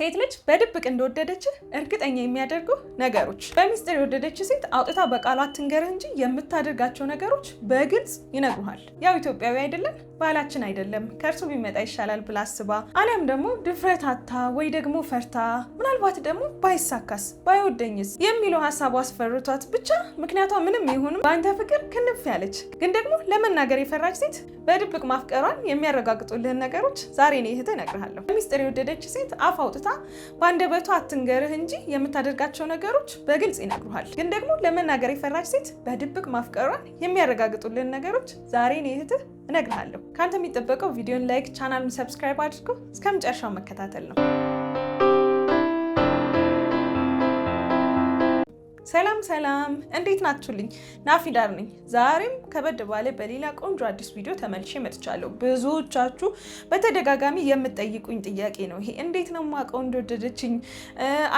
ሴት ልጅ በድብቅ እንደወደደችህ እርግጠኛ የሚያደርጉ ነገሮች። በሚስጥር የወደደች ሴት አውጥታ በቃሏ አትንገርህ እንጂ የምታደርጋቸው ነገሮች በግልጽ ይነግሩሃል። ያው ኢትዮጵያዊ አይደለም ባህላችን አይደለም ከእርሱ ቢመጣ ይሻላል ብላ አስባ አሊያም ደግሞ ድፍረት አታ ወይ ደግሞ ፈርታ ምናልባት ደግሞ ባይሳካስ ባይወደኝስ የሚለው ሀሳቡ አስፈርቷት ብቻ ምክንያቷ ምንም ይሁንም በአንተ ፍቅር ክንፍ ያለች ግን ደግሞ ለመናገር የፈራች ሴት በድብቅ ማፍቀሯን የሚያረጋግጡልህን ነገሮች ዛሬ እኔ እህትህ እነግርሃለሁ። በሚስጥር የወደደች ሴት አፍ አውጥታ ደስታ በአንደበቷ አትንገርህ እንጂ የምታደርጋቸው ነገሮች በግልጽ ይነግሩሃል። ግን ደግሞ ለመናገር የፈራች ሴት በድብቅ ማፍቀሯን የሚያረጋግጡልን ነገሮች ዛሬ እኔ እህትህ እነግርሃለሁ። ከአንተ የሚጠበቀው ቪዲዮን ላይክ፣ ቻናሉን ሰብስክራይብ አድርጎ እስከ መጨረሻው መከታተል ነው። ሰላም ሰላም፣ እንዴት ናችሁልኝ? ናፊዳር ነኝ። ዛሬም ከበድ ባለ በሌላ ቆንጆ አዲስ ቪዲዮ ተመልሼ መጥቻለሁ። ብዙዎቻችሁ በተደጋጋሚ የምትጠይቁኝ ጥያቄ ነው ይሄ። እንዴት ነው የማውቀው? እንደወደደችኝ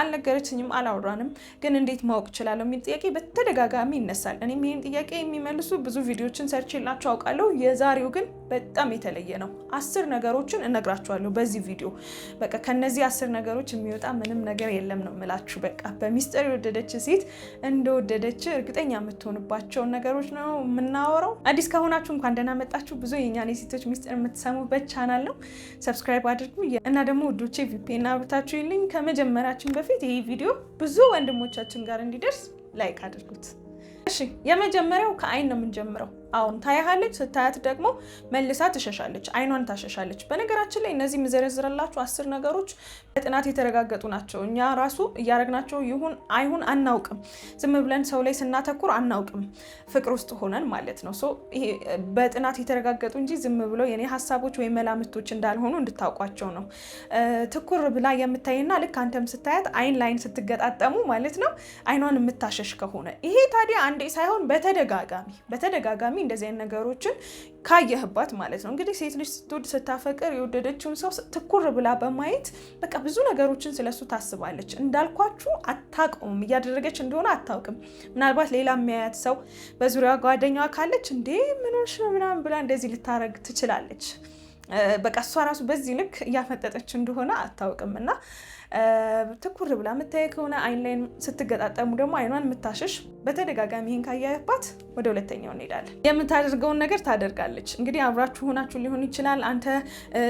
አልነገረችኝም፣ አላወራንም፣ ግን እንዴት ማወቅ እችላለሁ የሚል ጥያቄ በተደጋጋሚ ይነሳል። እኔም ይህን ጥያቄ የሚመልሱ ብዙ ቪዲዮችን ሰርቼላችሁ አውቃለሁ። የዛሬው ግን በጣም የተለየ ነው። አስር ነገሮችን እነግራችኋለሁ በዚህ ቪዲዮ። በቃ ከነዚህ አስር ነገሮች የሚወጣ ምንም ነገር የለም ነው የምላችሁ። በቃ በሚስጥር የወደደች ሴት እንደወደደች እርግጠኛ የምትሆንባቸውን ነገሮች ነው የምናወራው። አዲስ ከሆናችሁ እንኳን ደህና መጣችሁ። ብዙ የኛ የሴቶች ሚስጥር የምትሰሙበት ቻናል ነው። ሰብስክራይብ አድርጉ እና ደግሞ ውዶቼ ቪፒኤን አብርታችሁ ይልኝ። ከመጀመራችን በፊት ይህ ቪዲዮ ብዙ ወንድሞቻችን ጋር እንዲደርስ ላይክ አድርጉት። እሺ፣ የመጀመሪያው ከአይን ነው የምንጀምረው። አሁን ታያለች ስታያት ደግሞ መልሳ ትሸሻለች፣ አይኗን ታሸሻለች። በነገራችን ላይ እነዚህ የምዘረዝርላችሁ አስር ነገሮች በጥናት የተረጋገጡ ናቸው። እኛ ራሱ እያረግናቸው ይሁን አይሁን አናውቅም። ዝም ብለን ሰው ላይ ስናተኩር አናውቅም፣ ፍቅር ውስጥ ሆነን ማለት ነው። ይሄ በጥናት የተረጋገጡ እንጂ ዝም ብለው የኔ ሀሳቦች ወይም መላምቶች እንዳልሆኑ እንድታውቋቸው ነው። ትኩር ብላ የምታይና ልክ አንተም ስታያት አይን ላይን ስትገጣጠሙ ማለት ነው አይኗን የምታሸሽ ከሆነ ይሄ ታዲያ አንዴ ሳይሆን በተደጋጋሚ በተደጋጋሚ እንደዚህ አይነት ነገሮችን ካየህባት ማለት ነው። እንግዲህ ሴት ልጅ ስትወድ ስታፈቅር የወደደችውን ሰው ትኩር ብላ በማየት በቃ ብዙ ነገሮችን ስለሱ ታስባለች። እንዳልኳችሁ አታውቀውም፣ እያደረገች እንደሆነ አታውቅም። ምናልባት ሌላ የሚያያት ሰው በዙሪያ ጓደኛዋ ካለች እንዴ ምን ነው ምናምን ብላ እንደዚህ ልታረግ ትችላለች። በቃ እሷ ራሱ በዚህ ልክ እያፈጠጠች እንደሆነ አታውቅም እና ትኩር ብላ የምታየ ከሆነ አይን ላይ ስትገጣጠሙ ደግሞ አይኗን የምታሸሽ በተደጋጋሚ ይህን ካያባት ወደ ሁለተኛው እንሄዳለን። የምታደርገውን ነገር ታደርጋለች። እንግዲህ አብራችሁ ሆናችሁ ሊሆን ይችላል። አንተ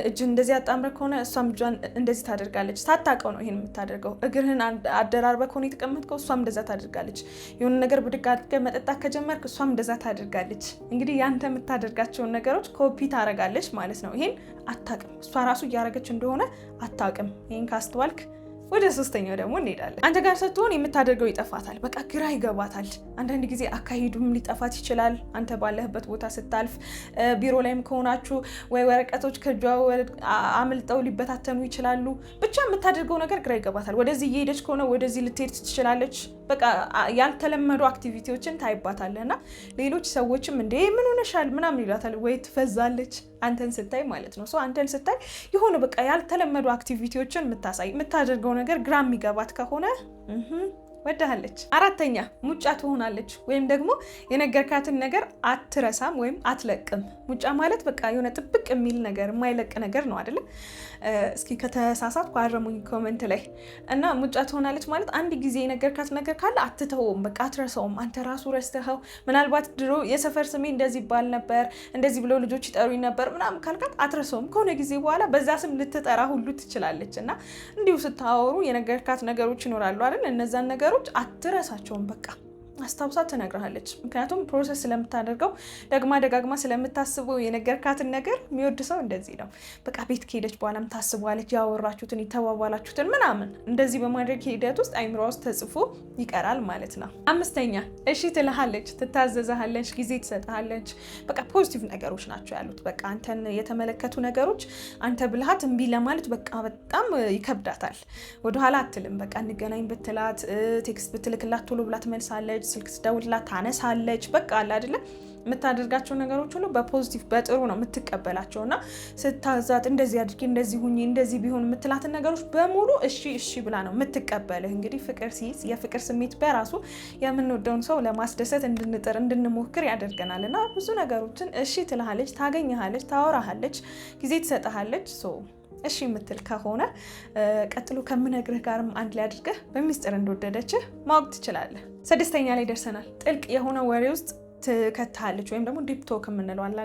እጅ እንደዚህ አጣምረ ከሆነ እሷም እጇን እንደዚህ ታደርጋለች። ሳታውቀው ነው ይህን የምታደርገው። እግርህን አደራርበ ከሆነ የተቀመጥከው እሷም እንደዛ ታደርጋለች። የሆነ ነገር ብድግ አድርገህ መጠጣት ከጀመርክ እሷም እንደዛ ታደርጋለች። እንግዲህ ያንተ የምታደርጋቸውን ነገሮች ኮፒ ታደርጋለች ማለት ነው። ይህን አታውቅም። እሷ ራሱ እያደረገች እንደሆነ አታውቅም። ይህን ካስተዋልክ ወደ ሶስተኛው ደግሞ እንሄዳለን። አንተ ጋር ስትሆን የምታደርገው ይጠፋታል። በቃ ግራ ይገባታል። አንዳንድ ጊዜ አካሄዱም ሊጠፋት ይችላል። አንተ ባለህበት ቦታ ስታልፍ፣ ቢሮ ላይም ከሆናችሁ ወይ ወረቀቶች ከእጇ አምልጠው ሊበታተኑ ይችላሉ። ብቻ የምታደርገው ነገር ግራ ይገባታል። ወደዚህ እየሄደች ከሆነ ወደዚህ ልትሄድ ትችላለች። በቃ ያልተለመዱ አክቲቪቲዎችን ታይባታለህ እና ሌሎች ሰዎችም እንዴ ምን ሆነሻል ምናምን ይሏታል ወይ ትፈዛለች አንተን ስታይ ማለት ነው። አንተን ስታይ የሆነ በቃ ያልተለመዱ አክቲቪቲዎችን የምታሳይ የምታደርገው ነገር ግራ የሚገባት ከሆነ ወዳሃለች። አራተኛ ሙጫ ትሆናለች ወይም ደግሞ የነገርካትን ነገር አትረሳም ወይም አትለቅም። ሙጫ ማለት በቃ የሆነ ጥብቅ የሚል ነገር የማይለቅ ነገር ነው አይደለ? እስኪ ከተሳሳትኩ አረሙኝ ኮመንት ላይ እና ሙጫ ትሆናለች ማለት አንድ ጊዜ የነገርካት ነገር ካለ አትተውም፣ በቃ አትረሳውም። አንተ ራሱ ረስተኸው ምናልባት ድሮ የሰፈር ስሜ እንደዚህ ይባል ነበር፣ እንደዚህ ብለው ልጆች ይጠሩኝ ነበር ምናምን ካልካት አትረሳውም። ከሆነ ጊዜ በኋላ በዛ ስም ልትጠራ ሁሉ ትችላለች። እና እንዲሁ ስታወሩ የነገርካት ነገሮች ይኖራሉ አይደል? እነዛን ነገር ነገሮች አትረሳቸውም። በቃ አስታውሳ ትነግርሃለች። ምክንያቱም ፕሮሰስ ስለምታደርገው ደግማ ደጋግማ ስለምታስበው የነገርካትን ነገር የሚወድ ሰው እንደዚህ ነው። በቃ ቤት ከሄደች በኋላም ታስበዋለች። ያወራችሁትን፣ የተዋዋላችሁትን ምናምን እንደዚህ በማድረግ ሂደት ውስጥ አይምሮ ውስጥ ተጽፎ ይቀራል ማለት ነው። አምስተኛ እሺ ትልሃለች፣ ትታዘዛለች ጊዜ ትሰጥሃለች። በቃ ፖዚቲቭ ነገሮች ናቸው ያሉት። በቃ አንተን የተመለከቱ ነገሮች አንተ ብልሃት እምቢ ለማለት በቃ በጣም ይከብዳታል። ወደኋላ አትልም። በቃ እንገናኝ ብትላት ቴክስት ብትልክላት ቶሎ ብላ ትመልሳለች። ስልክ ስደውልላት ታነሳለች። በቃ አለ አይደለም የምታደርጋቸው ነገሮች ሁሉ በፖዚቲቭ በጥሩ ነው የምትቀበላቸው እና ስታዛት እንደዚህ አድርጊ፣ እንደዚህ ሁኚ፣ እንደዚህ ቢሆን የምትላትን ነገሮች በሙሉ እሺ እሺ ብላ ነው የምትቀበልህ። እንግዲህ ፍቅር ሲይዝ የፍቅር ስሜት በራሱ የምንወደውን ሰው ለማስደሰት እንድንጥር እንድንሞክር ያደርገናል እና ብዙ ነገሮችን እሺ ትልሃለች፣ ታገኝሃለች፣ ታወራሃለች፣ ጊዜ ትሰጥሃለች። እሺ የምትል ከሆነ ቀጥሎ ከምነግርህ ጋርም አንድ ላይ አድርገህ በሚስጥር እንደወደደችህ ማወቅ ትችላለህ። ስድስተኛ ላይ ደርሰናል። ጥልቅ የሆነ ወሬ ውስጥ ትከታለች ወይም ደግሞ ዲፕቶክ የምንለው አለ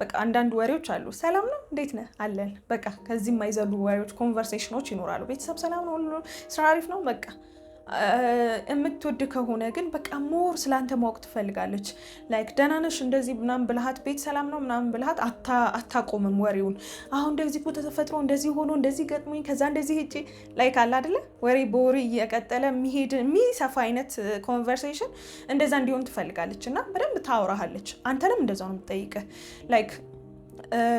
በቃ አንዳንድ ወሬዎች አሉ። ሰላም ነው፣ እንዴት ነህ አለን። በቃ ከዚህ የማይዘሉ ወሬዎች ኮንቨርሴሽኖች ይኖራሉ። ቤተሰብ ሰላም ነው፣ ሁሉ ስራ አሪፍ ነው፣ በቃ የምትወድ ከሆነ ግን በቃ ሞር ስለአንተ ማወቅ ትፈልጋለች። ላይክ ደህና ነሽ እንደዚህ ምናምን ብልሃት ቤት ሰላም ነው ምናምን ብልሃት አታቆምም ወሬውን። አሁን እንደዚህ እኮ ተፈጥሮ እንደዚህ ሆኖ እንደዚህ ገጥሞኝ ከዛ እንደዚህ ሄጄ ላይክ አለ አይደለ ወሬ በወሬ እየቀጠለ የሚሄድ የሚሰፋ አይነት ኮንቨርሴሽን እንደዛ እንዲሆን ትፈልጋለች እና በደንብ ታውራሃለች። አንተንም እንደዛ ነው የምትጠይቅህ ላይክ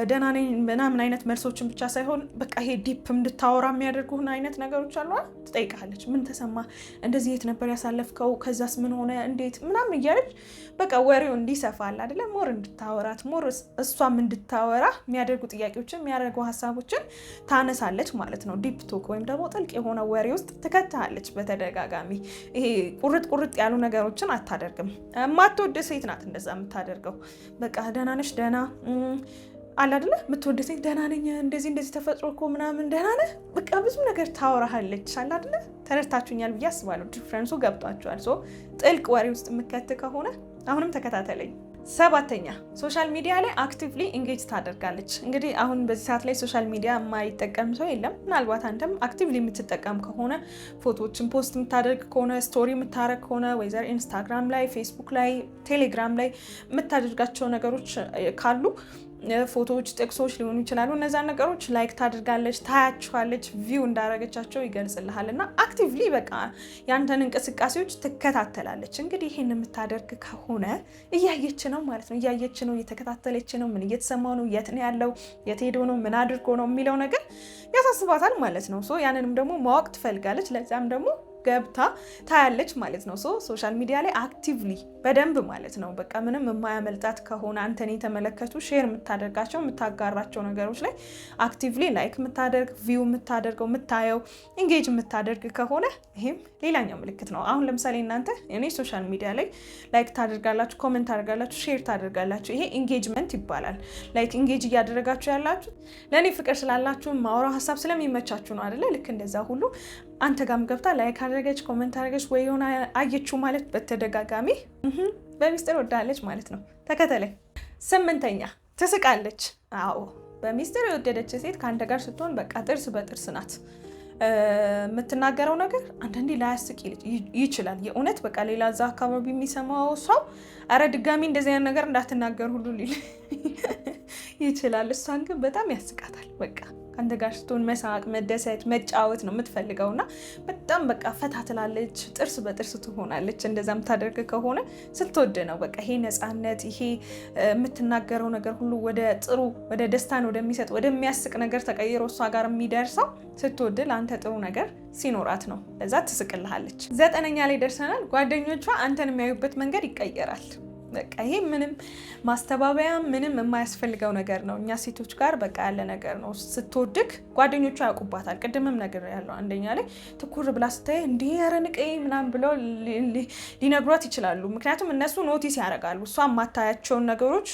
ደህና ነኝ ምናምን አይነት መልሶችን ብቻ ሳይሆን በቃ ይሄ ዲፕ እንድታወራ የሚያደርጉህን አይነት ነገሮች አሉ። ትጠይቃለች። ምን ተሰማ፣ እንደዚህ የት ነበር ያሳለፍከው፣ ከዛስ ምን ሆነ፣ እንዴት ምናምን እያለች በቃ ወሬው እንዲሰፋል አደለ ሞር እንድታወራት ሞር እሷም እንድታወራ የሚያደርጉ ጥያቄዎችን የሚያደርጉ ሀሳቦችን ታነሳለች ማለት ነው። ዲፕ ቶክ ወይም ደግሞ ጥልቅ የሆነ ወሬ ውስጥ ትከታለች በተደጋጋሚ። ይሄ ቁርጥ ቁርጥ ያሉ ነገሮችን አታደርግም። የማትወድ ሴት ናት እንደዛ የምታደርገው። በቃ ደህና ነሽ ደህና አለ አይደለ የምትወድ ሴት ደህና ነኝ፣ እንደዚህ እንደዚህ ተፈጥሮ እኮ ምናምን ደህና ነህ፣ በቃ ብዙ ነገር ታወራሃለች። አለ አይደለ ተረድታችሁኛል ብዬ አስባለሁ። ዲፍረንሱ ገብቷችኋል። ሶ ጥልቅ ወሬ ውስጥ የምከት ከሆነ አሁንም ተከታተለኝ። ሰባተኛ ሶሻል ሚዲያ ላይ አክቲቭሊ ኢንጌጅ ታደርጋለች። እንግዲህ አሁን በዚህ ሰዓት ላይ ሶሻል ሚዲያ የማይጠቀም ሰው የለም። ምናልባት አንተም አክቲቭሊ የምትጠቀም ከሆነ ፎቶዎችን ፖስት የምታደርግ ከሆነ ስቶሪ የምታደረግ ከሆነ ወይዘር ኢንስታግራም ላይ፣ ፌስቡክ ላይ፣ ቴሌግራም ላይ የምታደርጋቸው ነገሮች ካሉ ፎቶዎች፣ ጥቅሶች ሊሆኑ ይችላሉ። እነዚያን ነገሮች ላይክ ታደርጋለች፣ ታያችኋለች፣ ቪው እንዳረገቻቸው ይገልጽልሃል እና አክቲቭሊ በቃ ያንተን እንቅስቃሴዎች ትከታተላለች። እንግዲህ ይህን የምታደርግ ከሆነ እያየች ነው ማለት ነው። እያየች ነው፣ እየተከታተለች ነው፣ ምን እየተሰማው ነው፣ የት ነው ያለው፣ የት ሄዶ ነው፣ ምን አድርጎ ነው የሚለው ነገር ያሳስባታል ማለት ነው። ሶ ያንንም ደግሞ ማወቅ ትፈልጋለች። ለዚያም ደግሞ ገብታ ታያለች ማለት ነው። ሶ ሶሻል ሚዲያ ላይ አክቲቭሊ በደንብ ማለት ነው በቃ ምንም የማያመልጣት ከሆነ አንተን የተመለከቱ ሼር የምታደርጋቸው የምታጋራቸው ነገሮች ላይ አክቲቭሊ ላይክ የምታደርግ ቪው የምታደርገው የምታየው ኢንጌጅ የምታደርግ ከሆነ ይህም ሌላኛው ምልክት ነው። አሁን ለምሳሌ እናንተ እኔ ሶሻል ሚዲያ ላይ ላይክ ታደርጋላችሁ፣ ኮመንት ታደርጋላችሁ፣ ሼር ታደርጋላችሁ። ይሄ ኢንጌጅመንት ይባላል። ላይክ ኢንጌጅ እያደረጋችሁ ያላችሁ ለእኔ ፍቅር ስላላችሁ ማውራው ሀሳብ ስለሚመቻችሁ ነው አደለ? ልክ እንደዛ ሁሉ አንተ ጋም ገብታ ላይክ አድረገች ኮመንት አድረገች ወይ የሆነ አየችው ማለት በተደጋጋሚ በሚስጥር ወዳለች ማለት ነው። ተከተለኝ። ስምንተኛ ትስቃለች። አዎ በሚስጥር የወደደች ሴት ከአንተ ጋር ስትሆን በቃ ጥርስ በጥርስ ናት። የምትናገረው ነገር አንዳንዴ ላያስቅ ይችላል። የእውነት በቃ ሌላ እዛ አካባቢ የሚሰማው ሰው አረ ድጋሚ እንደዚህ አይነት ነገር እንዳትናገር ሁሉ ሊል ይችላል። እሷን ግን በጣም ያስቃታል በቃ አንተ ጋር ስትሆን መሳቅ፣ መደሰት፣ መጫወት ነው የምትፈልገው እና በጣም በቃ ፈታ ትላለች፣ ጥርስ በጥርስ ትሆናለች። እንደዛ የምታደርግ ከሆነ ስትወድ ነው በቃ ይሄ ነፃነት፣ ይሄ የምትናገረው ነገር ሁሉ ወደ ጥሩ ወደ ደስታን ወደሚሰጥ ወደሚያስቅ ነገር ተቀይሮ እሷ ጋር የሚደርሰው ስትወድ ለአንተ ጥሩ ነገር ሲኖራት ነው። በዛ ትስቅልሃለች። ዘጠነኛ ላይ ደርሰናል። ጓደኞቿ አንተን የሚያዩበት መንገድ ይቀየራል። በቃ ይሄ ምንም ማስተባበያ ምንም የማያስፈልገው ነገር ነው። እኛ ሴቶች ጋር በቃ ያለ ነገር ነው። ስትወድግ ጓደኞቿ ያውቁባታል። ቅድምም ነገር ያለው አንደኛ ላይ ትኩር ብላ ስታይ እንዲህ ያረንቀይ ምናምን ብለው ሊነግሯት ይችላሉ። ምክንያቱም እነሱ ኖቲስ ያደርጋሉ። እሷ የማታያቸውን ነገሮች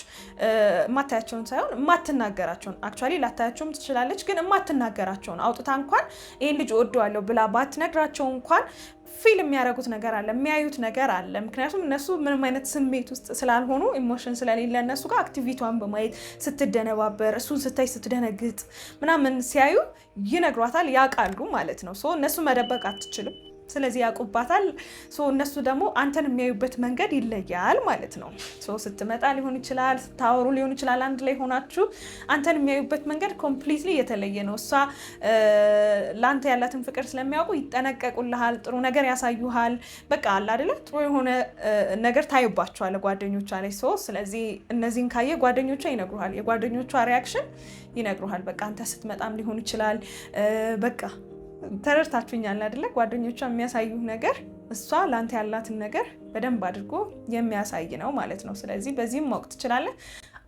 የማታያቸውን ሳይሆን የማትናገራቸውን አክቹዋሊ ላታያቸውም ትችላለች፣ ግን የማትናገራቸውን አውጥታ እንኳን ይህን ልጅ እወደዋለሁ ብላ ባትነግራቸው እንኳን ፊል የሚያደርጉት ነገር አለ፣ የሚያዩት ነገር አለ። ምክንያቱም እነሱ ምንም አይነት ስሜት ውስጥ ስላልሆኑ ኢሞሽን ስለሌለ እነሱ ጋር አክቲቪቷን በማየት ስትደነባበር፣ እሱን ስታይ ስትደነግጥ ምናምን ሲያዩ ይነግሯታል፣ ያውቃሉ ማለት ነው። እነሱ መደበቅ አትችልም። ስለዚህ ያውቁባታል። እነሱ ደግሞ አንተን የሚያዩበት መንገድ ይለያል ማለት ነው። ስትመጣ ሊሆን ይችላል፣ ስታወሩ ሊሆን ይችላል፣ አንድ ላይ ሆናችሁ አንተን የሚያዩበት መንገድ ኮምፕሊትሊ የተለየ ነው። እሷ ለአንተ ያላትን ፍቅር ስለሚያውቁ ይጠነቀቁልሃል፣ ጥሩ ነገር ያሳዩሃል። በቃ አለ አይደለ? ጥሩ የሆነ ነገር ታዩባቸዋል ጓደኞቿ ላይ ሰ ስለዚህ እነዚህን ካየ ጓደኞቿ ይነግሩሃል፣ የጓደኞቿ ሪያክሽን ይነግሩሃል። በቃ አንተ ስትመጣም ሊሆን ይችላል በቃ ተረድታችሁኛል አይደለ? ጓደኞቿ የሚያሳዩ ነገር እሷ ለአንተ ያላትን ነገር በደንብ አድርጎ የሚያሳይ ነው ማለት ነው። ስለዚህ በዚህም ማወቅ ትችላለህ።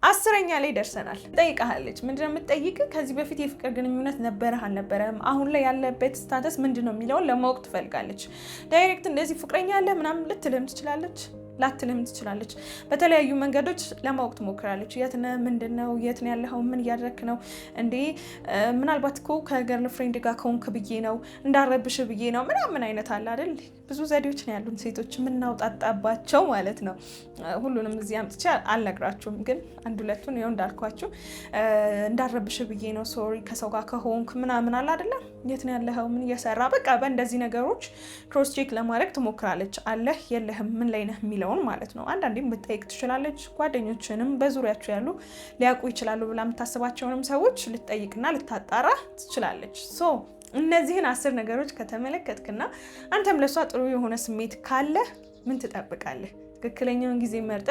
አስረኛ ላይ ደርሰናል። ጠይቃለች ምንድነው የምትጠይቅ? ከዚህ በፊት የፍቅር ግንኙነት ነበረህ አልነበረም፣ አሁን ላይ ያለበት ስታተስ ምንድነው የሚለውን ለማወቅ ትፈልጋለች። ዳይሬክት እንደዚህ ፍቅረኛ አለ ምናምን ልትልም ትችላለች። ላትልም ትችላለች። በተለያዩ መንገዶች ለማወቅ ትሞክራለች። የት ነህ? ምንድን ነው? የት ነው ያለኸው? ምን እያደረክ ነው? እንዴ ምናልባት እኮ ከገርል ፍሬንድ ጋር ከሆንክ ብዬ ነው፣ እንዳረብሽ ብዬ ነው ምናምን አይነት አለ አይደል? ብዙ ዘዴዎች ነው ያሉን ሴቶች የምናውጣጣባቸው ማለት ነው። ሁሉንም እዚህ አምጥቼ አልነግራችሁም፣ ግን አንድ ሁለቱን ይኸው እንዳልኳችሁ እንዳረብሽ ብዬ ነው፣ ሶሪ ከሰው ጋር ከሆንክ ምናምን አለ አይደለም። የት ነው ያለኸው? ምን እየሰራ በቃ በእንደዚህ ነገሮች ክሮስ ቼክ ለማድረግ ትሞክራለች። አለህ የለህም ምን ላይ ነህ የሚለው የሚለውን ማለት ነው። አንዳንዴም ልጠይቅ ትችላለች። ጓደኞችንም በዙሪያቸው ያሉ ሊያውቁ ይችላሉ ብላ የምታስባቸውንም ሰዎች ልትጠይቅና ልታጣራ ትችላለች። ሶ እነዚህን አስር ነገሮች ከተመለከትክና አንተም ለእሷ ጥሩ የሆነ ስሜት ካለ ምን ትጠብቃለህ? ትክክለኛውን ጊዜ መርጠ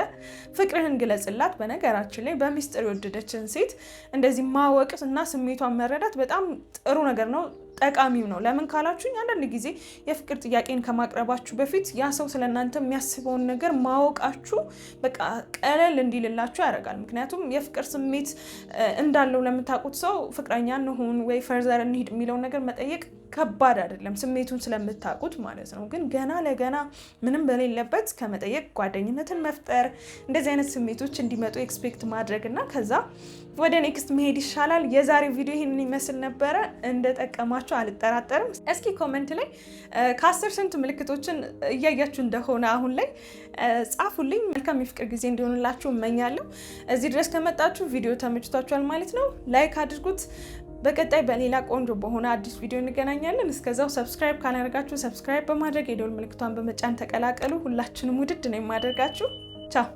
ፍቅርህን ግለጽላት። በነገራችን ላይ በሚስጥር የወደደችን ሴት እንደዚህ ማወቅ እና ስሜቷን መረዳት በጣም ጥሩ ነገር ነው። ጠቃሚው ነው። ለምን ካላችሁኝ አንዳንድ ጊዜ የፍቅር ጥያቄን ከማቅረባችሁ በፊት ያ ሰው ስለ እናንተ የሚያስበውን ነገር ማወቃችሁ በቃ ቀለል እንዲልላችሁ ያደርጋል። ምክንያቱም የፍቅር ስሜት እንዳለው ለምታውቁት ሰው ፍቅረኛ እንሁን ወይ ፈርዘር እንሂድ የሚለውን ነገር መጠየቅ ከባድ አይደለም፣ ስሜቱን ስለምታውቁት ማለት ነው። ግን ገና ለገና ምንም በሌለበት ከመጠየቅ ጓደኝነትን መፍጠር እንደዚህ አይነት ስሜቶች እንዲመጡ ኤክስፔክት ማድረግ እና ከዛ ወደ ኔክስት መሄድ ይሻላል። የዛሬው ቪዲዮ ይህንን ይመስል ነበረ። እንደጠቀማችሁ አልጠራጠርም። እስኪ ኮመንት ላይ ከአስር ስንት ምልክቶችን እያያችሁ እንደሆነ አሁን ላይ ጻፉልኝ። መልካም የፍቅር ጊዜ እንዲሆንላችሁ እመኛለሁ። እዚህ ድረስ ከመጣችሁ ቪዲዮ ተመችቷችኋል ማለት ነው። ላይክ አድርጉት። በቀጣይ በሌላ ቆንጆ በሆነ አዲስ ቪዲዮ እንገናኛለን። እስከዛው ሰብስክራይብ ካላደርጋችሁ ሰብስክራይብ በማድረግ የደወል ምልክቷን በመጫን ተቀላቀሉ። ሁላችንም ውድድ ነው የማደርጋችሁ። ቻው